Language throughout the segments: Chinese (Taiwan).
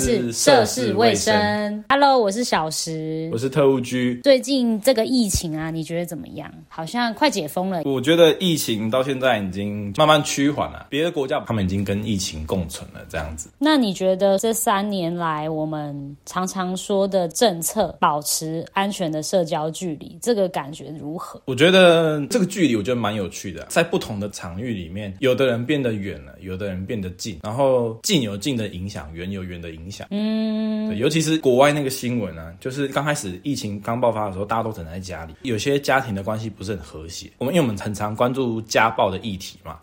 是涉世未深。Hello，我是小石，我是特務居。最近這個疫情啊，你覺得怎麼樣？好像快解封了。我覺得疫情到現在已經慢慢趨緩了，別的國家他們已經跟疫情共存了，這樣子。那你覺得這三年來我們常常說的政策，保持安全的社交距離，這個感覺如何？我覺得這個距離我覺得蠻有趣的啊，在不同的場域裡面，有的人變得遠了，有的人變得近，然後近有近的影響，遠有遠的影響。嗯，對，尤其是國外那。那個新聞呢、啊，就是剛開始疫情剛爆發的時候，大家都宅在家裡，有些家庭的關係不是很和諧。我們因為我們很常關注家暴的議題嘛，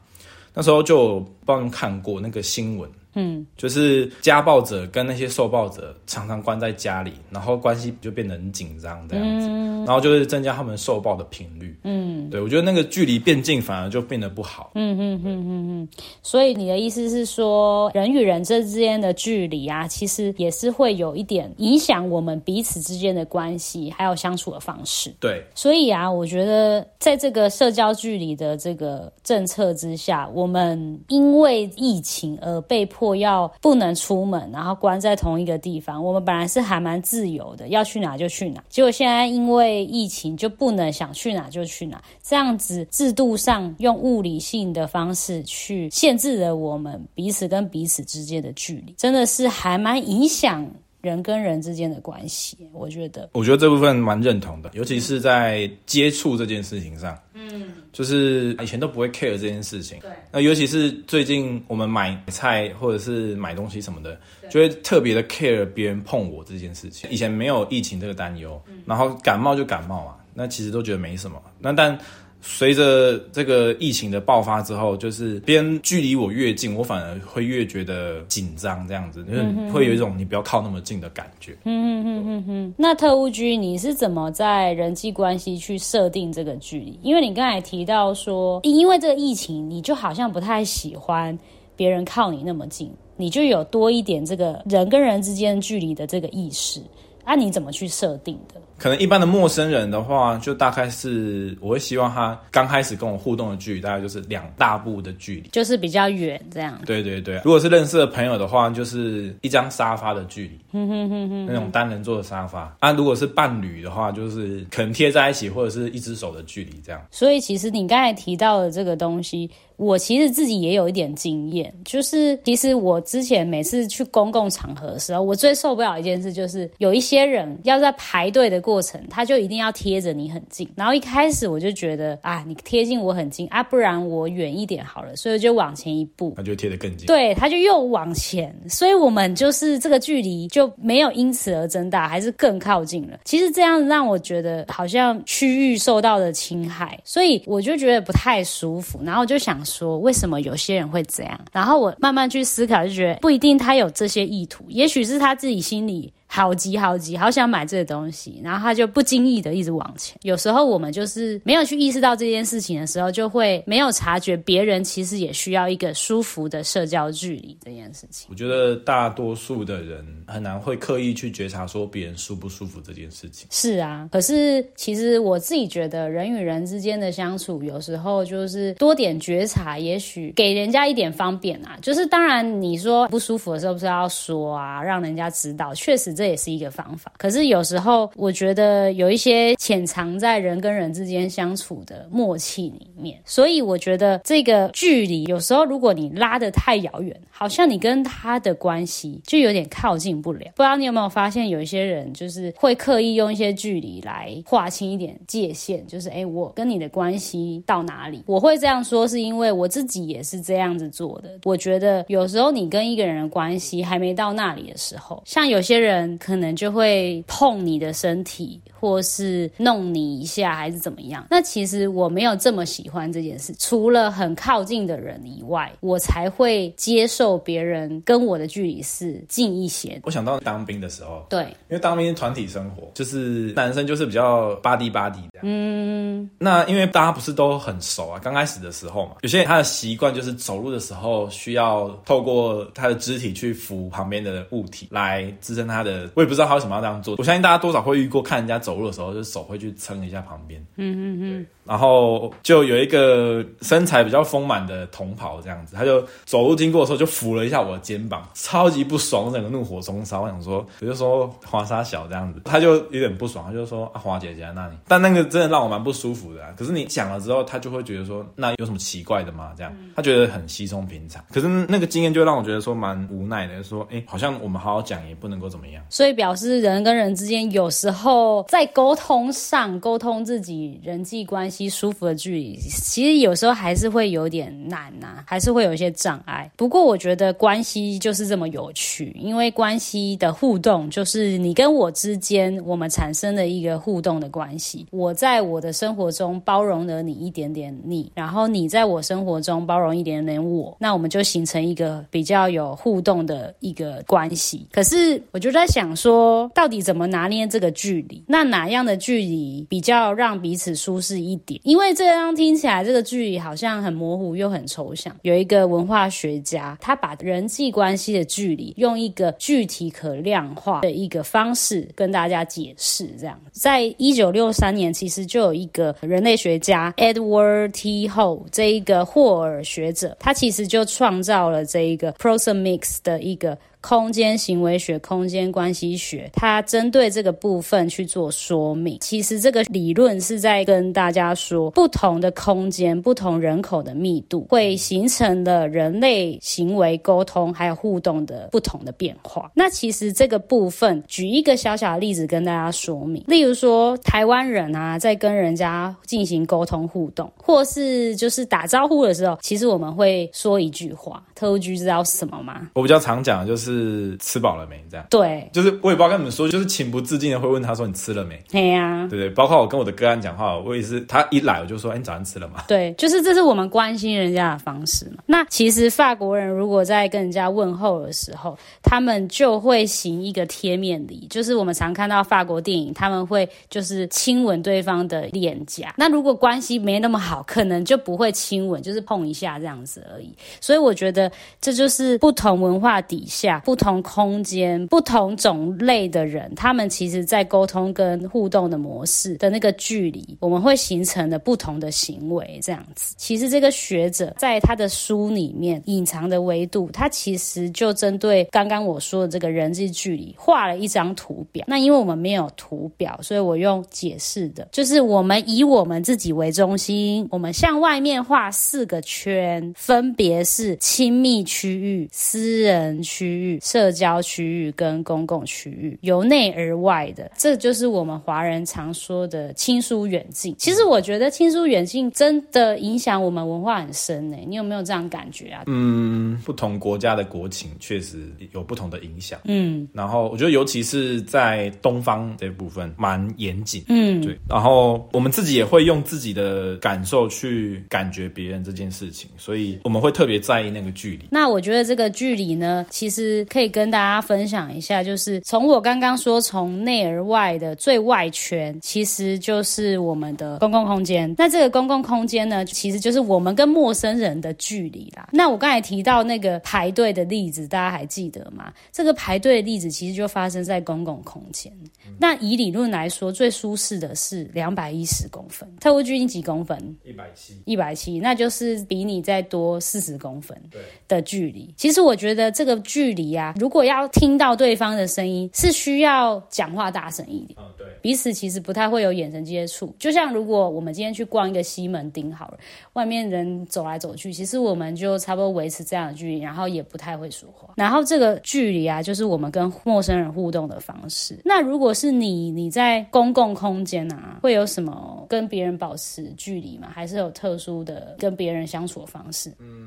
那時候就有看過那個新聞。嗯，就是家暴者跟那些受暴者常常關在家裡，然後關係就變得很緊張這樣子，嗯、然後就是增加他們受暴的頻率。嗯，對我覺得那個距離變近反而就變得不好。嗯嗯嗯嗯嗯。嗯，所以你的意思是說，人與人這之間的距離啊，其實也是會有一點影響我們彼此之間的關係，還有相處的方式。對。所以啊，我覺得在這個社交距離的這個政策之下，我們因為疫情而被迫。要不能出門，然後關在同一個地方。我們本來是還蠻自由的，要去哪就去哪。結果現在因為疫情就不能想去哪就去哪。這樣子制度上用物理性的方式去限制了我們彼此跟彼此之間的距離，真的是還蠻影響人跟人之間的關係。我覺得，我覺得這部分蠻認同的，尤其是在接觸這件事情上。嗯。就是以前都不會 care 這件事情，那對尤其是最近我們買菜或者是買東西什麼的，對就會特別的 care 別人碰我這件事情。以前沒有疫情這個擔憂，嗯、然後感冒就感冒啊，那其實都覺得沒什麼。那但。隨着這個疫情的爆發之後，就是別人距離我越近，我反而會越覺得緊張，這樣子就是會有一種你不要靠那麼近的感覺。嗯嗯嗯嗯嗯。對那特務局，你是怎麼在人際關係去設定這個距離？因為你剛才提到說，因為這個疫情，你就好像不太喜歡別人靠你那麼近，你就有多一點這個人跟人之間距離的這個意識。那、啊、你怎麼去設定的？可能一般的陌生人的話，就大概是我會希望他剛開始跟我互動的距離，大概就是兩大步的距離，就是比較遠這樣。對對對，如果是認識的朋友的話，就是一張沙發的距離，哼哼哼，那種單人座的沙發。 啊，如果是伴侶的話，就是可能貼在一起或者是一隻手的距離這樣。所以其實你剛才提到的這個東西，我其實自己也有一點經驗，就是其實我之前每次去公共場合的時候，我最受不了的一件事就是有一些人要在排隊的。過程，他就一定要貼着你很近，然後一開始我就覺得啊，你貼近我很近啊，不然我遠一點好了，所以就往前一步，他就貼得更近，對，他就又往前，所以我們就是這個距離就沒有因此而增大，還是更靠近了。其實這樣讓我覺得好像區域受到的侵害，所以我就覺得不太舒服，然後我就想說，為什麼有些人會這樣？然後我慢慢去思考，就覺得不一定他有這些意圖，也許是他自己心裡。好急好急，好想買這個東西，然後他就不經意的一直往前。有時候我們就是沒有去意識到這件事情的時候，就會沒有察覺別人其實也需要一個舒服的社交距離這件事情。我覺得大多數的人很難會刻意去覺察說別人舒不舒服這件事情。是啊，可是其實我自己覺得人與人之間的相處，有時候就是多點覺察，也許給人家一點方便啊。就是當然你說不舒服的時候，不是要說啊，讓人家知道，確實。這也是一個方法，可是有時候我覺得有一些潛藏在人跟人之間相處的默契裡面，所以我覺得這個距離有時候如果你拉的太遙遠，好像你跟他的關係就有點靠近不了。不知道你有沒有發現，有一些人就是會刻意用一些距離來劃清一點界限，就是誒、哎，我跟你的關係到哪裡？我會這樣說，是因為我自己也是這樣子做的。我覺得有時候你跟一個人的關係還沒到那裡的時候，像有些人。可能就會碰你的身體，或是弄你一下，還是怎麼樣？那其實我沒有這麼喜歡這件事，除了很靠近的人以外，我才會接受別人跟我的距離是近一些。我想到當兵的時候，對，因為當兵團體生活，就是男生就是比較吧唧吧唧的。嗯，那因為大家不是都很熟啊，剛開始的時候嘛，有些人他的習慣就是走路的時候需要透過他的肢體去扶旁邊的物體來支撐他的。我也不知道他為什麼要這樣做。我相信大家多少會遇過，看人家走路的時候，就手會去撐一下旁邊。嗯嗯嗯。然後就有一個身材比較豐滿的同袍這樣子，他就走路經過的時候就扶了一下我的肩膀，超級不爽，整個怒火中燒，我想說，比如說華莎小這樣子，他就有點不爽，他就說：“啊華姐姐、啊、那裡。”但那個真的讓我蠻不舒服的。啊，可是你講了之後，他就會覺得說：“那有什麼奇怪的嗎？”這樣，他覺得很稀鬆平常。可是那個經驗就讓我覺得說蠻無奈的，說：“哎，好像我們好好講也不能夠怎麼樣。”所以表示人跟人之間有時候在溝通上，溝通自己人際關係舒服的距離，其實有時候還是會有點難吶、啊，還是會有一些障礙。不過我覺得關係就是這麼有趣，因為關係的互動就是你跟我之間，我們產生的一個互動的關係。我在我的生活中包容了你一點點你，你然後你在我生活中包容一點點我，那我們就形成一個比較有互動的一個關係。可是我就在想。講說到底怎麼拿捏這個距離？那哪樣的距離比較讓彼此舒適一點？因為這樣聽起來，這個距離好像很模糊又很抽象。有一個文化學家，他把人際關係的距離用一個具體可量化的一個方式跟大家解釋。這樣，在一九六三年，其實就有一個人類學家 Edward T. Hall，這一個霍爾學者，他其實就創造了這一個 proxemics 的一個。空間行為學、空間關係學，它針對這個部分去做說明。其實這個理論是在跟大家說，不同的空間、不同人口的密度，會形成了人類行為溝通還有互動的不同的變化。那其實這個部分，舉一個小小的例子跟大家說明。例如說，台灣人啊，在跟人家進行溝通互動，或是就是打招呼的時候，其實我們會說一句話。特務知道是什麼嗎？我比較常講就是吃飽了沒這樣，對，就是我也不知道跟你們說，就是情不自禁的會問他說你吃了沒？啊、對呀，對對，包括我跟我的個案講話，我也是，他一來我就說，哎、欸，你早上吃了嗎？對，就是這是我們關心人家的方式嘛。那其實法國人如果在跟人家問候的時候，他們就會行一個貼面禮，就是我們常看到法國電影，他們會就是親吻對方的臉頰。那如果關係沒那麼好，可能就不會親吻，就是碰一下這樣子而已。所以我覺得。這就是不同文化底下，不同空間，不同種類的人，他們其實在溝通跟互動的模式的那個距離，我們會形成的不同的行為。這樣子，其實這個學者在他的書裡面隱藏的維度，他其實就針對剛剛我說的這個人際距離畫了一張圖表。那因為我們沒有圖表，所以我用解釋的，就是我們以我們自己為中心，我們向外面畫四個圈，分別是親密密區域、私人區域、社交區域跟公共區域，由內而外的，這就是我們華人常說的親疏遠近。其實我覺得親疏遠近真的影響我們文化很深呢、欸。你有沒有這樣感覺啊？嗯，不同國家的國情確實有不同的影響。嗯，然後我覺得尤其是在東方這部分蠻嚴謹。嗯，對。然後我們自己也會用自己的感受去感覺別人這件事情，所以我們會特別在意那個距。那我覺得這個距離呢，其實可以跟大家分享一下，就是從我剛剛說從內而外的最外圈，其實就是我們的公共空間。那這個公共空間呢，其實就是我們跟陌生人的距離啦。那我剛才提到那個排隊的例子，大家還記得嗎？這個排隊的例子其實就發生在公共空間。嗯、那以理論來說，最舒適的是兩百一十公分，特務距離幾公分？一百七，一百七，那就是比你再多四十公分。對。的距離，其實我覺得這個距離啊，如果要聽到對方的聲音，是需要講話大聲一點。Oh, 對。彼此其實不太會有眼神接觸，就像如果我們今天去逛一個西門町好了，外面人走來走去，其實我們就差不多維持這樣的距離，然後也不太會說話。然後這個距離啊，就是我們跟陌生人互動的方式。那如果是你，你在公共空間啊，會有什麼跟別人保持距離嗎？還是有特殊的跟別人相處的方式？嗯。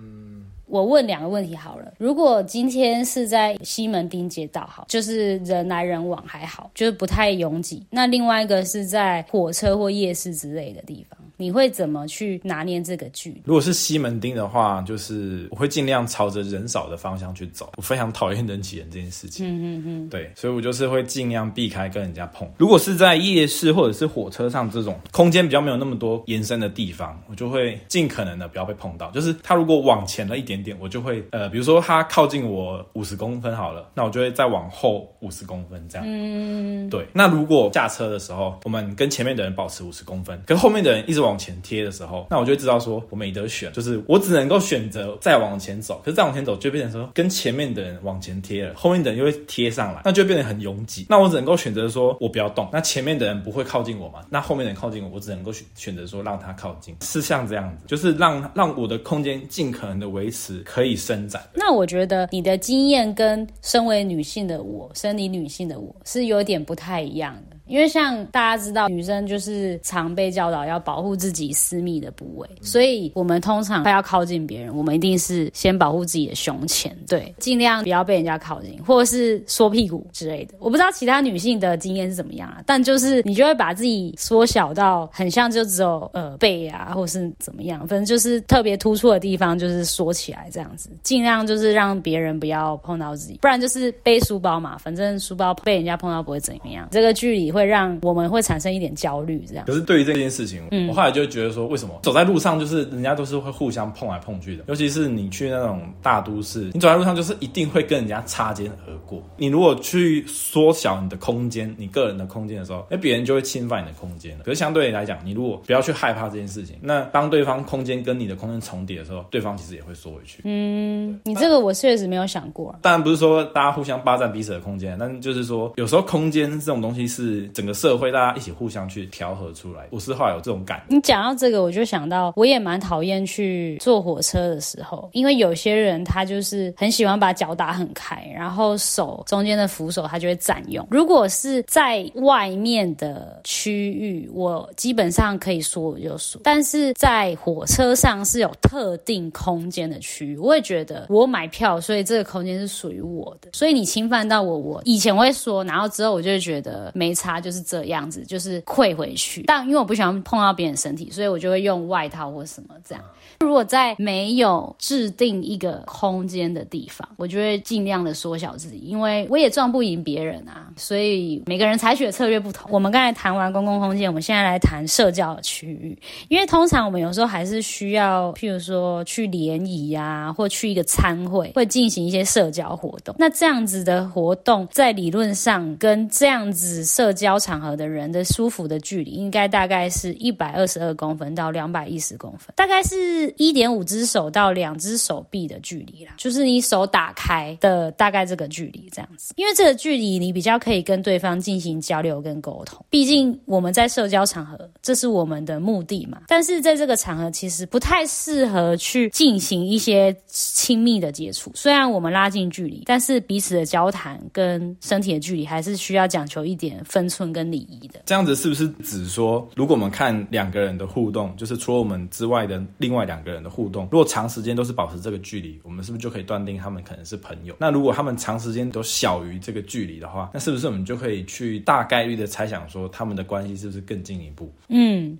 我問兩個問題好了。如果今天是在西門町街道，好，就是人來人往還好，就是不太擁擠。那另外一個是在火車或夜市之類的地方。你會怎麼去拿捏這個距離？如果是西門町的話，就是我會盡量朝着人少的方向去走。我非常討厭人擠人這件事情。嗯嗯嗯，對，所以我就是會盡量避開跟人家碰。如果是在夜市或者是火車上這種空間比較沒有那麼多延伸的地方，我就會盡可能的不要被碰到。就是他如果往前了一點點，我就會呃，比如說他靠近我五十公分好了，那我就會再往後五十公分這樣。嗯，對。那如果下車的時候，我們跟前面的人保持五十公分，跟後面的人一直往。往前貼的時候，那我就知道說，我沒得選，就是我只能夠選擇再往前走。可是再往前走，就變成說跟前面的人往前貼了，後面的人又會貼上來，那就變得很擁擠。那我只能夠選擇說我不要動。那前面的人不會靠近我嗎？那後面的人靠近我，我只能夠選選擇說讓他靠近，是像這樣子，就是讓讓我的空間盡可能的維持可以伸展。那我覺得你的經驗跟身為女性的我，生理女性的我是有點不太一樣的。因為像大家知道，女生就是常被教導要保護自己私密的部位，所以我們通常快要靠近別人，我們一定是先保護自己的胸前，對，盡量不要被人家靠近，或者是縮屁股之類的。我不知道其他女性的經驗是怎麼樣啊，但就是你就會把自己縮小到很像，就只有呃背啊，或是怎麼樣，反正就是特別突出的地方就是縮起來這樣子，盡量就是讓別人不要碰到自己，不然就是背書包嘛，反正書包被人家碰到不會怎麼樣，這個距離會。會讓我們會產生一點焦慮，這樣。可是對於這件事情，我後來就覺得說，嗯、為什麼走在路上就是人家都是會互相碰來碰去的？尤其是你去那種大都市，你走在路上就是一定會跟人家擦肩而過。你如果去縮小你的空間，你個人的空間的時候，那別人就會侵犯你的空間了。可是相對來講，你如果不要去害怕這件事情，那當對方空間跟你的空間重疊的時候，對方其實也會縮回去。嗯，對但你這個我確實沒有想過。當然不是說大家互相霸佔彼此的空間，但就是說有時候空間這種東西是。整個社會大家一起互相去調和出來，不是話有這種感覺。你講到這個，我就想到，我也蠻討厭去坐火車的時候，因為有些人他就是很喜歡把腳打很開，然後手中間的扶手他就會占用。如果是在外面的區域，我基本上可以說我就說，但是在火車上是有特定空間的區域，我會覺得我買票，所以這個空間是屬於我的，所以你侵犯到我，我以前會說，然後之後我就會覺得沒差。就是這樣子，就是退回去。但因為我不喜歡碰到別人身體，所以我就會用外套或什麼這樣。如果在沒有制定一個空間的地方，我就會盡量的縮小自己，因為我也撞不贏別人啊。所以每個人採取的策略不同。我們剛才談完公共空間，我們現在來談社交區域，因為通常我們有時候還是需要，譬如說去聯誼啊，或去一個餐會，會進行一些社交活動。那這樣子的活動，在理論上跟這樣子社交。交場合的人的舒服的距離應該大概是一百二十二公分到兩百一十公分，大概是一點五隻手到兩隻手臂的距離啦，就是你手打開的大概這個距離這樣子，因為這個距離你比較可以跟對方進行交流跟溝通，畢竟我們在社交場合，這是我們的目的嘛。但是在這個場合，其實不太適合去進行一些親密的接觸，雖然我們拉近距離，但是彼此的交談跟身體的距離還是需要講求一點分尊跟禮儀的這樣子。是不是指說，如果我們看兩個人的互動，就是除了我們之外的另外兩個人的互動，如果長時間都是保持這個距離，我們是不是就可以斷定他們可能是朋友？那如果他們長時間都小於這個距離的話，那是不是我們就可以去大概率的猜想說，他們的關係是不是更進一步？嗯。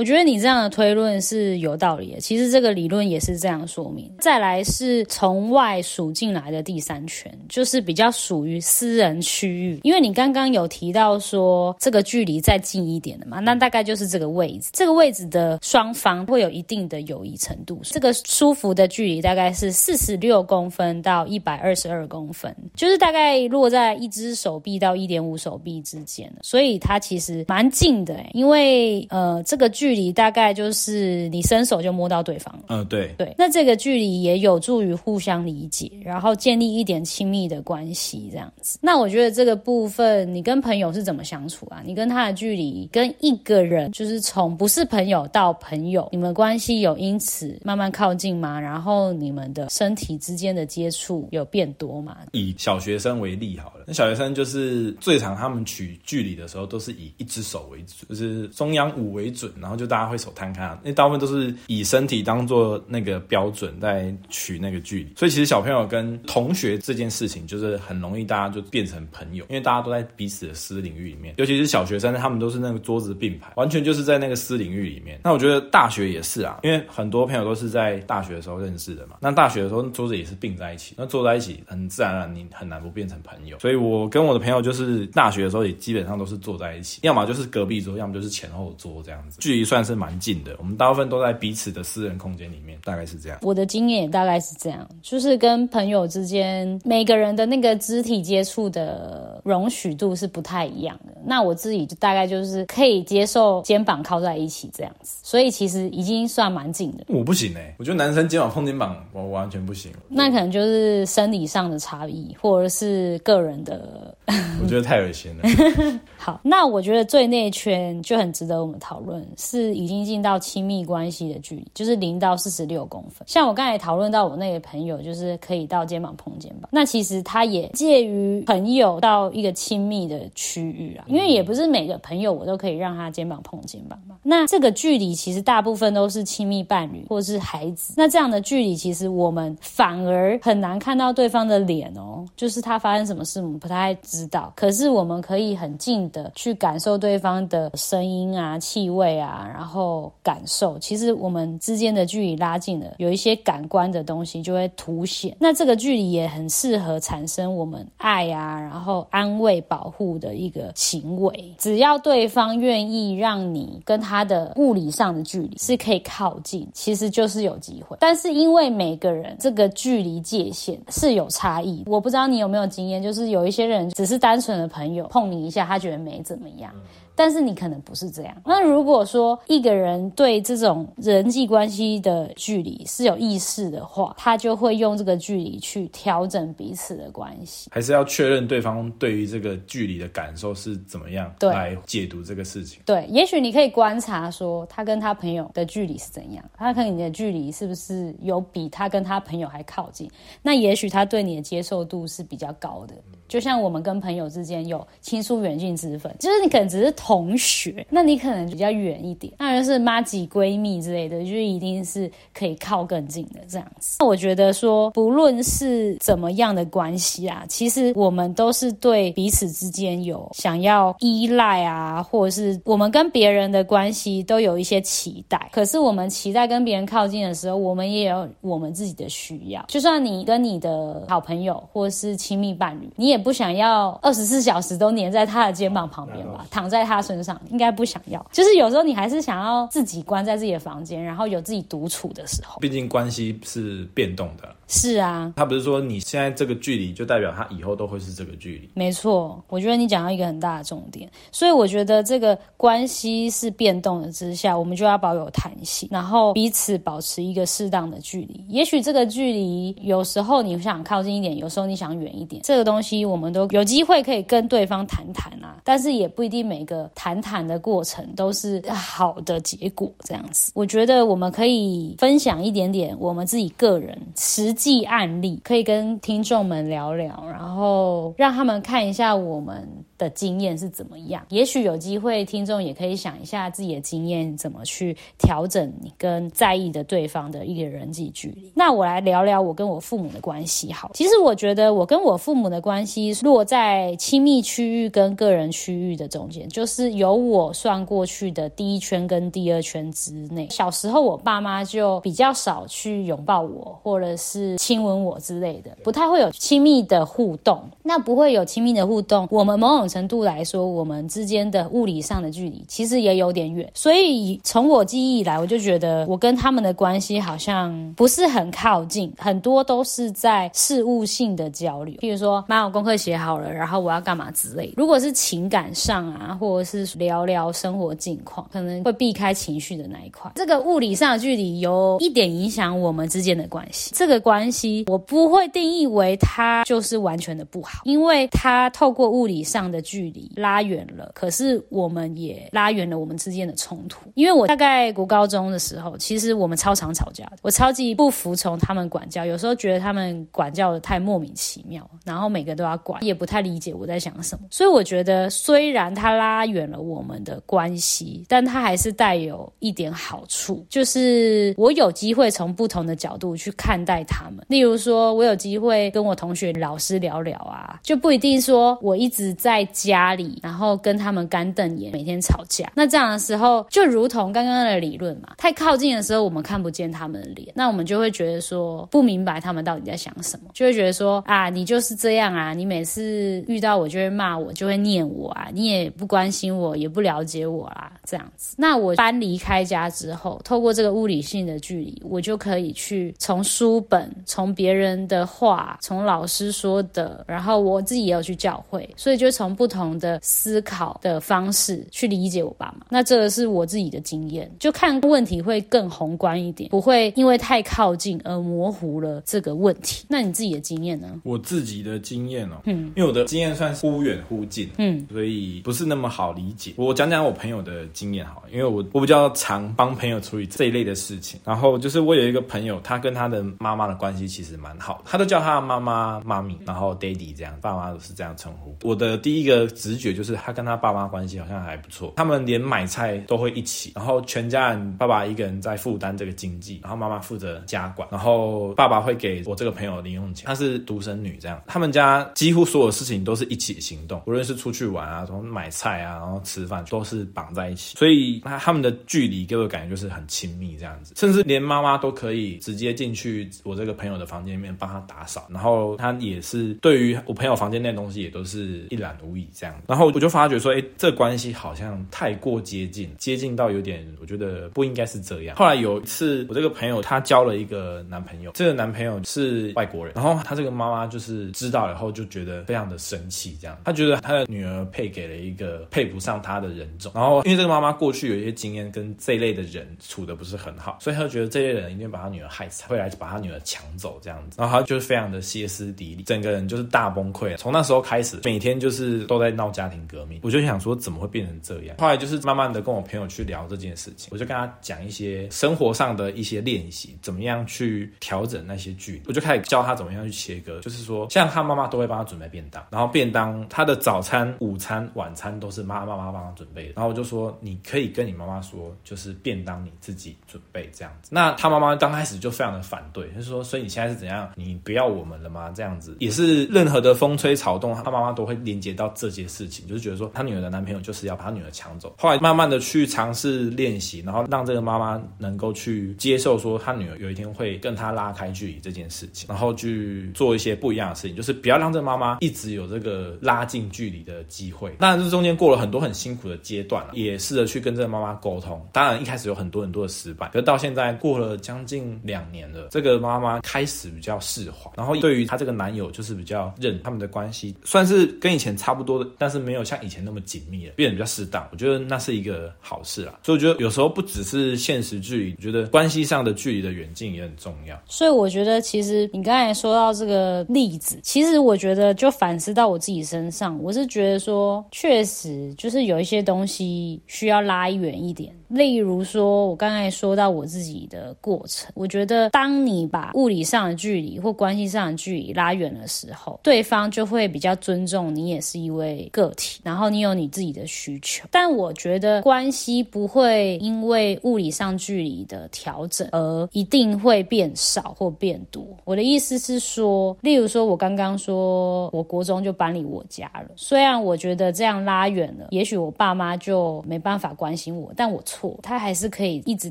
我覺得你這樣的推論是有道理的。其實這個理論也是這樣說明。再來是從外數進來的第三圈，就是比較屬於私人區域。因為你剛剛有提到說這個距離再近一點的嘛，那大概就是這個位置。這個位置的雙方會有一定的友誼程度。這個舒服的距離大概是四十六公分到一百二十二公分，就是大概落在一隻手臂到一點五手臂之間，所以它其實蠻近的。因為呃，這個距離距離大概就是你伸手就摸到對方了。嗯，對對。那這個距離也有助於互相理解，然後建立一點親密的關係，這樣子。那我覺得這個部分，你跟朋友是怎麼相處啊？你跟他的距離，跟一個人就是從不是朋友到朋友，你們關係有因此慢慢靠近嗎？然後你們的身體之間的接觸有變多嗎？以小學生為例好了，那小學生就是最常他們取距離的時候都是以一只手為準，就是中央五為準啊。然後就大家會手攤開啊，因為大部分都是以身體當做那個標準在取那個距離，所以其實小朋友跟同學這件事情就是很容易，大家就變成朋友，因為大家都在彼此的私領域裡面，尤其是小學生，他們都是那個桌子並排，完全就是在那個私領域裡面。那我覺得大學也是啊，因為很多朋友都是在大學的時候認識的嘛。那大學的時候桌子也是併在一起，那坐在一起很自然而然，你很難不變成朋友。所以我跟我的朋友就是大學的時候也基本上都是坐在一起，要麼就是隔壁桌，要麼就是前後桌這樣子。算是蠻近的，我們大部分都在彼此的私人空間裡面，大概是這樣。我的經驗也大概是這樣，就是跟朋友之間，每個人的那個肢體接觸的。容許度是不太一樣的，那我自己就大概就是可以接受肩膀靠在一起這樣子，所以其實已經算蠻近的。我不行呢、欸，我覺得男生肩膀碰肩膀我，我完全不行。那可能就是生理上的差異，或者是個人的。 我覺得太噁心了。 好，那我覺得最內圈就很值得我們討論，是已經進到親密關係的距離，就是零到四十六公分。像我剛才討論到我那個朋友，就是可以到肩膀碰肩膀，那其實他也介於朋友到一個親密的區域啊，因為也不是每個朋友我都可以讓他肩膀碰肩膀嘛。那這個距離其實大部分都是親密伴侶或是孩子。那這樣的距離其實我們反而很難看到對方的臉哦，就是他發生什麼事我們不太知道。可是我們可以很近的去感受對方的聲音啊、氣味啊，然後感受。其實我們之間的距離拉近了，有一些感官的東西就會凸顯。那這個距離也很適合產生我們愛啊，然後愛。單位保護的一個行為，只要對方願意讓你跟他的物理上的距離是可以靠近，其實就是有機會。但是因為每個人這個距離界限是有差異，我不知道你有沒有經驗，就是有一些人只是單純的朋友碰你一下，他覺得沒怎麼樣。嗯但是你可能不是這樣。那如果說一個人對這種人際關係的距離是有意識的話，他就會用這個距離去調整彼此的關係。還是要確認對方對於這個距離的感受是怎麼樣對來解讀這個事情。對，也許你可以觀察說他跟他朋友的距離是怎樣，他跟你的距離是不是有比他跟他朋友還靠近？那也許他對你的接受度是比較高的。嗯就像我們跟朋友之間有親疏遠近之分，就是你可能只是同學，那你可能比較遠一點，那就是麻吉閨蜜之類的，就一定是可以靠更近的這樣子。那我覺得說，不論是怎麼樣的關係啊，其實我們都是對彼此之間有想要依賴啊，或者是我們跟別人的關係都有一些期待。可是我們期待跟別人靠近的時候，我們也有我們自己的需要。就算你跟你的好朋友或是親密伴侶，你也。不想要二十四小時都黏在他的肩膀旁邊吧，喔、來吧躺在他身上對應該不想要。就是有時候你還是想要自己關在自己的房間，然後有自己獨處的時候。畢竟關係是變動的。是啊，他不是說你現在這個距離就代表他以後都會是這個距離？沒錯，我覺得你講到一個很大的重點。所以我覺得這個關係是變動的之下，我們就要保有彈性，然後彼此保持一個適當的距離。也許這個距離有時候你想靠近一點，有時候你想遠一點，這個東西。我們都有機會可以跟對方談談啊，但是也不一定每個談談的過程都是好的結果這樣子。我覺得我們可以分享一點點我們自己個人實際案例，可以跟聽眾們聊聊，然後讓他們看一下我們。的經驗是怎麼樣？也許有機會，聽眾也可以想一下自己的經驗，怎麼去調整你跟在意的對方的一個人際距離。那我來聊聊我跟我父母的關係。好，其實我覺得我跟我父母的關係落在親密區域跟個人區域的中間，就是由我算過去的第一圈跟第二圈之內。小時候，我爸媽就比較少去擁抱我，或者是親吻我之類的，不太會有親密的互動。那不會有親密的互動，我們某種。程度來說，我們之間的物理上的距離其實也有點遠，所以從我記憶以來，我就覺得我跟他們的關係好像不是很靠近，很多都是在事務性的交流，比如說“媽，我功課寫好了，然後我要幹嘛”之類。如果是情感上啊，或者是聊聊生活近況，可能會避開情緒的那一塊。這個物理上的距離有一點影響我們之間的關係。這個關係我不會定義為它就是完全的不好，因為它透過物理上的。距離拉遠了，可是我們也拉遠了我們之間的衝突。因為我大概讀高中的時候，其實我們超常吵架的，我超級不服從他們管教，有時候覺得他們管教得太莫名其妙，然後每個都要管，也不太理解我在想什麼。所以我覺得，雖然他拉遠了我們的關係，但他還是帶有一點好處，就是我有機會從不同的角度去看待他們。例如說，我有機會跟我同學、老師聊聊啊，就不一定說我一直在。家裡，然後跟他們乾瞪眼，每天吵架。那這樣的時候，就如同剛剛的理論嘛，太靠近的時候，我們看不見他們的臉，那我們就會覺得說不明白他們到底在想什麼，就會覺得說啊，你就是這樣啊，你每次遇到我就會罵我，就會念我啊，你也不關心我，也不了解我啊，這樣子。那我搬離開家之後，透過這個物理性的距離，我就可以去從書本、從別人的話、從老師說的，然後我自己也有去教會，所以就從。不同的思考的方式去理解我爸媽，那這個是我自己的經驗，就看問題會更宏觀一點，不會因為太靠近而模糊了這個問題。那你自己的經驗呢？我自己的經驗哦，嗯，因為我的經驗算是忽遠忽近，嗯，所以不是那麼好理解。我講講我朋友的經驗好了，因為我我比較常幫朋友處理這一類的事情。然後就是我有一個朋友，他跟他的媽媽的關係其實蠻好的，他都叫他的媽媽媽咪，然後爹地這樣，爸媽都是這樣稱呼。我的第一。一個直覺就是他跟他爸媽關係好像還不錯，他們連買菜都會一起，然後全家人，爸爸一個人在負擔這個經濟，然後媽媽負責家管，然後爸爸會給我這個朋友零用錢，她是獨生女這樣，他們家幾乎所有事情都是一起行動，無論是出去玩啊，從買菜啊，然後吃飯都是綁在一起，所以他們的距離給我感覺就是很親密這樣子，甚至連媽媽都可以直接進去我這個朋友的房間裡面幫他打掃，然後他也是對於我朋友房間內的東西也都是一覽無。不已這樣，然後我就發覺說，哎，這關係好像太過接近，接近到有點，我覺得不應該是這樣。後來有一次，我這個朋友她交了一個男朋友，這個男朋友是外國人，然後她這個媽媽就是知道了，然後就覺得非常的生氣，這樣她覺得她的女兒配給了一個配不上她的人種，然後因為這個媽媽過去有一些經驗跟這類的人處的不是很好，所以她就覺得這類人一定把她女兒害慘，會來把她女兒搶走這樣子，然後她就是非常的歇斯底里，整個人就是大崩潰。從那時候開始，每天就是。都在鬧家庭革命，我就想說怎麼會變成這樣？後來就是慢慢的跟我朋友去聊這件事情，我就跟他講一些生活上的一些練習，怎麼樣去調整那些距離。我就開始教他怎麼樣去切割，就是說像他媽媽都會幫他準備便當，然後便當他的早餐、午餐、晚餐都是媽媽媽幫他準備的。然後我就說你可以跟你媽媽說，就是便當你自己準備這樣子。那他媽媽剛開始就非常的反對，就是說所以你現在是怎樣？你不要我們了嗎？這樣子也是任何的風吹草動，他媽媽都會連接到。這件事情就是覺得說，她女兒的男朋友就是要把她女兒搶走。後來慢慢的去嘗試練習，然後讓這個媽媽能夠去接受說，她女兒有一天會跟她拉開距離這件事情，然後去做一些不一樣的事情，就是不要讓這個媽媽一直有這個拉近距離的機會。當然，這中間過了很多很辛苦的階段啊，也試着去跟這個媽媽溝通。當然，一開始有很多很多的失敗，可是到現在過了將近兩年了，這個媽媽開始比較釋懷，然後對於她這個男友就是比較認，他們的關係算是跟以前差不不多的，但是沒有像以前那麼緊密了，變得比較適當。我覺得那是一個好事啦，所以我覺得有時候不只是現實距離，我覺得關係上的距離的遠近也很重要。所以我覺得，其實你剛才說到這個例子，其實我覺得就反思到我自己身上，我是覺得說，確實就是有一些東西需要拉遠一點。例如說，我剛才說到我自己的過程，我覺得當你把物理上的距離或關係上的距離拉遠的時候，對方就會比較尊重你，也是一位個體，然後你有你自己的需求。但我覺得關係不會因為物理上距離的調整而一定會變少或變多。我的意思是說，例如說，我剛剛說，我國中就搬離我家了，雖然我覺得這樣拉遠了，也許我爸媽就沒辦法關心我，但我從。他還是可以一直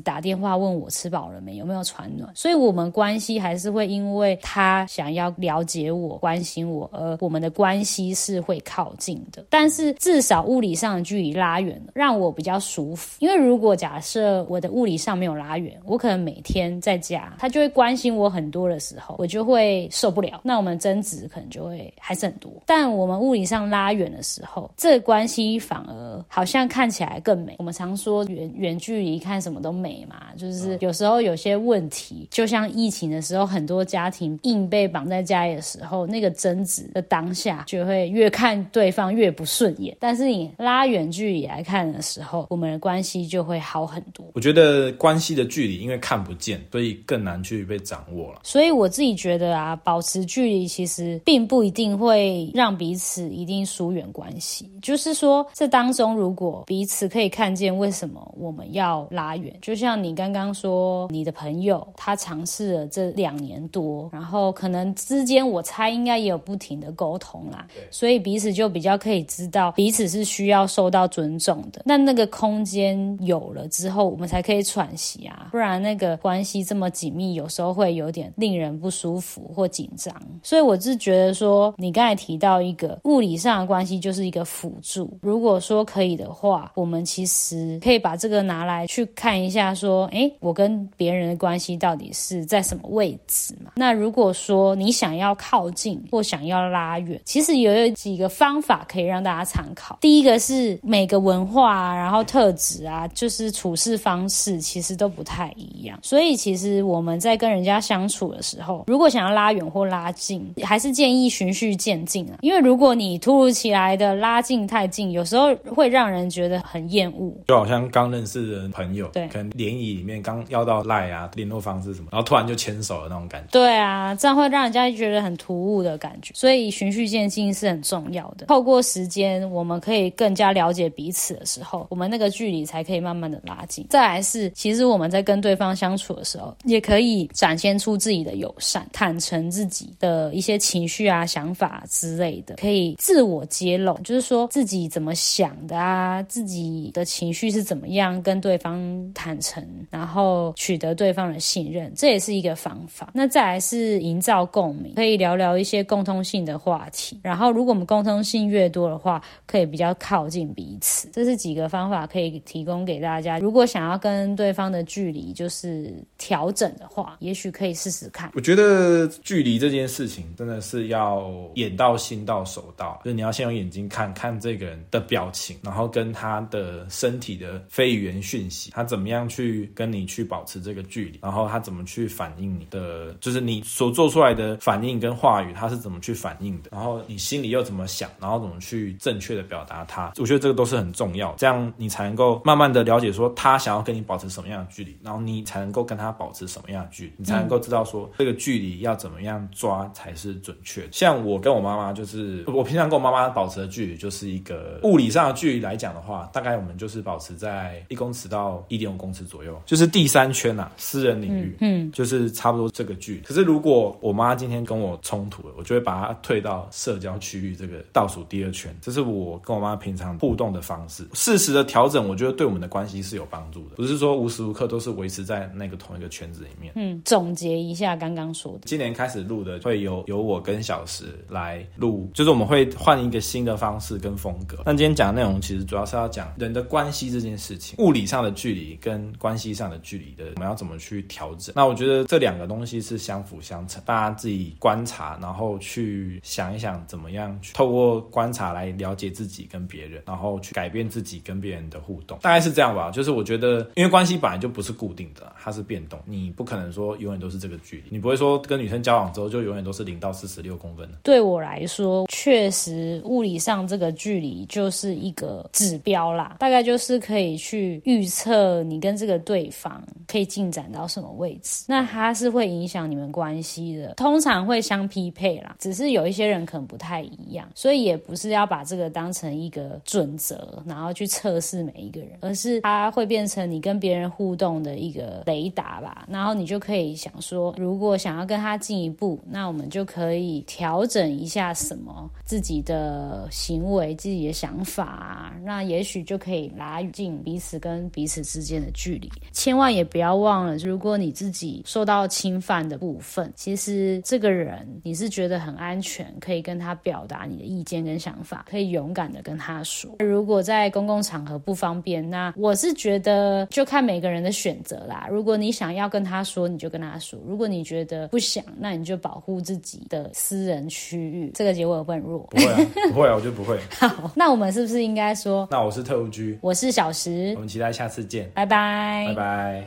打電話問我吃飽了沒有，有沒有穿暖，所以我們關係還是會因為他想要了解我、關心我，而我們的關係是會靠近的。但是至少物理上的距離拉遠了，讓我比較舒服。因為如果假設我的物理上沒有拉遠，我可能每天在家，他就會關心我很多的時候，我就會受不了。那我們爭執可能就會還是很多。但我們物理上拉遠的時候，這個、關係反而。好像看起來更美。我們常說遠遠距離看什麼都美嘛，就是有時候有些問題，就像疫情的時候，很多家庭硬被綁在家裡的時候，那個爭執的當下，就會越看對方越不順眼。但是你拉遠距離來看的時候，我們的關係就會好很多。我覺得關係的距離，因為看不見，所以更難去被掌握了。所以我自己覺得啊，保持距離其實並不一定會讓彼此一定疏遠關係，就是說這當中。如果彼此可以看見，為什麼我們要拉遠？就像你剛剛說，你的朋友他嘗試了這兩年多，然後可能之間，我猜應該也有不停的溝通啦，所以彼此就比較可以知道彼此是需要受到尊重的。那那個空間有了之後，我們才可以喘息啊，不然那個關係這麼緊密，有時候會有點令人不舒服或緊張。所以我是覺得說，你剛才提到一個物理上的關係，就是一個輔助。如果說可以。的話，我們其實可以把這個拿來去看一下，說，誒，我跟別人的關係到底是在什麼位置嘛？那如果說你想要靠近或想要拉遠，其實有有幾個方法可以讓大家參考。第一個是每個文化啊，然後特質啊，就是處事方式，其實都不太一樣。所以，其實我們在跟人家相處的時候，如果想要拉遠或拉近，還是建議循序漸進啊。因為如果你突如其來的拉近太近，有時候會讓讓人覺得很厭惡，就好像剛認識的朋友，對，可能聯誼裡面剛要到賴啊，聯絡方式什麼，然後突然就牽手了那種感覺。對啊，這樣會讓人家覺得很突兀的感覺，所以循序漸進是很重要的。透過時間，我們可以更加了解彼此的時候，我們那個距離才可以慢慢的拉近。再來是，其實我們在跟對方相處的時候，也可以展現出自己的友善、坦誠，自己的一些情緒啊、想法之類的，可以自我揭露，就是說自己怎麼想的啊。他自己的情緒是怎麼樣？跟對方坦誠，然後取得對方的信任，這也是一個方法。那再來是營造共鳴，可以聊聊一些共通性的話題。然後，如果我們共通性越多的話，可以比較靠近彼此。這是幾個方法可以提供給大家。如果想要跟對方的距離就是調整的話，也許可以試試看。我覺得距離這件事情真的是要眼到、心到、手到，就是，你要先用眼睛看看，看這個人的表情，然後然後跟他的身體的非語言訊息，他怎麼樣去跟你去保持這個距離？然後他怎麼去反映你的？就是你所做出來的反應跟話語，他是怎麼去反應的？然後你心裡又怎麼想？然後怎麼去正確的表達他？我覺得這個都是很重要。這樣你才能夠慢慢的了解說他想要跟你保持什麼樣的距離，然後你才能夠跟他保持什麼樣的距離，你才能夠知道說這個距離要怎麼樣抓才是準確的。像我跟我媽媽，就是我平常跟我媽媽保持的距離，就是一個物理上的距離來講的話，大概我們就是保持在一公尺到一點五公尺左右，就是第三圈吶、啊，私人領域，嗯，嗯就是差不多這個距離。可是如果我媽今天跟我衝突了，我就會把她退到社交區域這個倒數第二圈，這是我跟我媽平常互動的方式。適時的調整，我覺得對我們的關係是有幫助的，不是說無時無刻都是維持在那個同一個圈子裡面。嗯，總結一下剛剛說的，今年開始錄的會由由我跟小時來錄，就是我們會換一個新的方式跟風格。那今天講的內容其實。主要是要講人的關係這件事情，物理上的距離跟關係上的距離的，我們要怎麼去調整？那我覺得這兩個東西是相輔相成，大家自己觀察，然後去想一想怎麼樣去透過觀察來了解自己跟別人，然後去改變自己跟別人的互動，大概是這樣吧。就是我覺得，因為關係本來就不是固定的，它是變動，你不可能說永遠都是這個距離，你不會說跟女生交往之後就永遠都是零到四十六公分的。對我來說，確實物理上這個距離就是一個。指標啦，大概就是可以去預測你跟這個對方可以進展到什麼位置，那它是會影響你們關係的，通常會相匹配啦，只是有一些人可能不太一樣，所以也不是要把這個當成一個準則，然後去測試每一個人，而是它會變成你跟別人互動的一個雷達吧，然後你就可以想說，如果想要跟他進一步，那我們就可以調整一下什麼，自己的行為、自己的想法啊。那也許就可以拉近彼此跟彼此之間的距離。千萬也不要忘了，如果你自己受到侵犯的部分，其實這個人你是覺得很安全，可以跟他表達你的意見跟想法，可以勇敢的跟他說。如果在公共場合不方便，那我是覺得就看每個人的選擇啦。如果你想要跟他說，你就跟他說；如果你覺得不想，那你就保護自己的私人區域。這個結果會很弱？不會啊，不會啊，我覺得不會。 好，那我們是不是應該？說，那我是特務局，我是小石，我們期待下次見，拜拜，拜拜。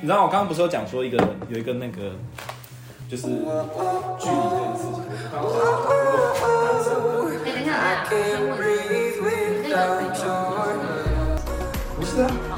你知道我剛剛不是有講說一個有一個那個，就是距離這件事情，哎，等一下，先問一下，那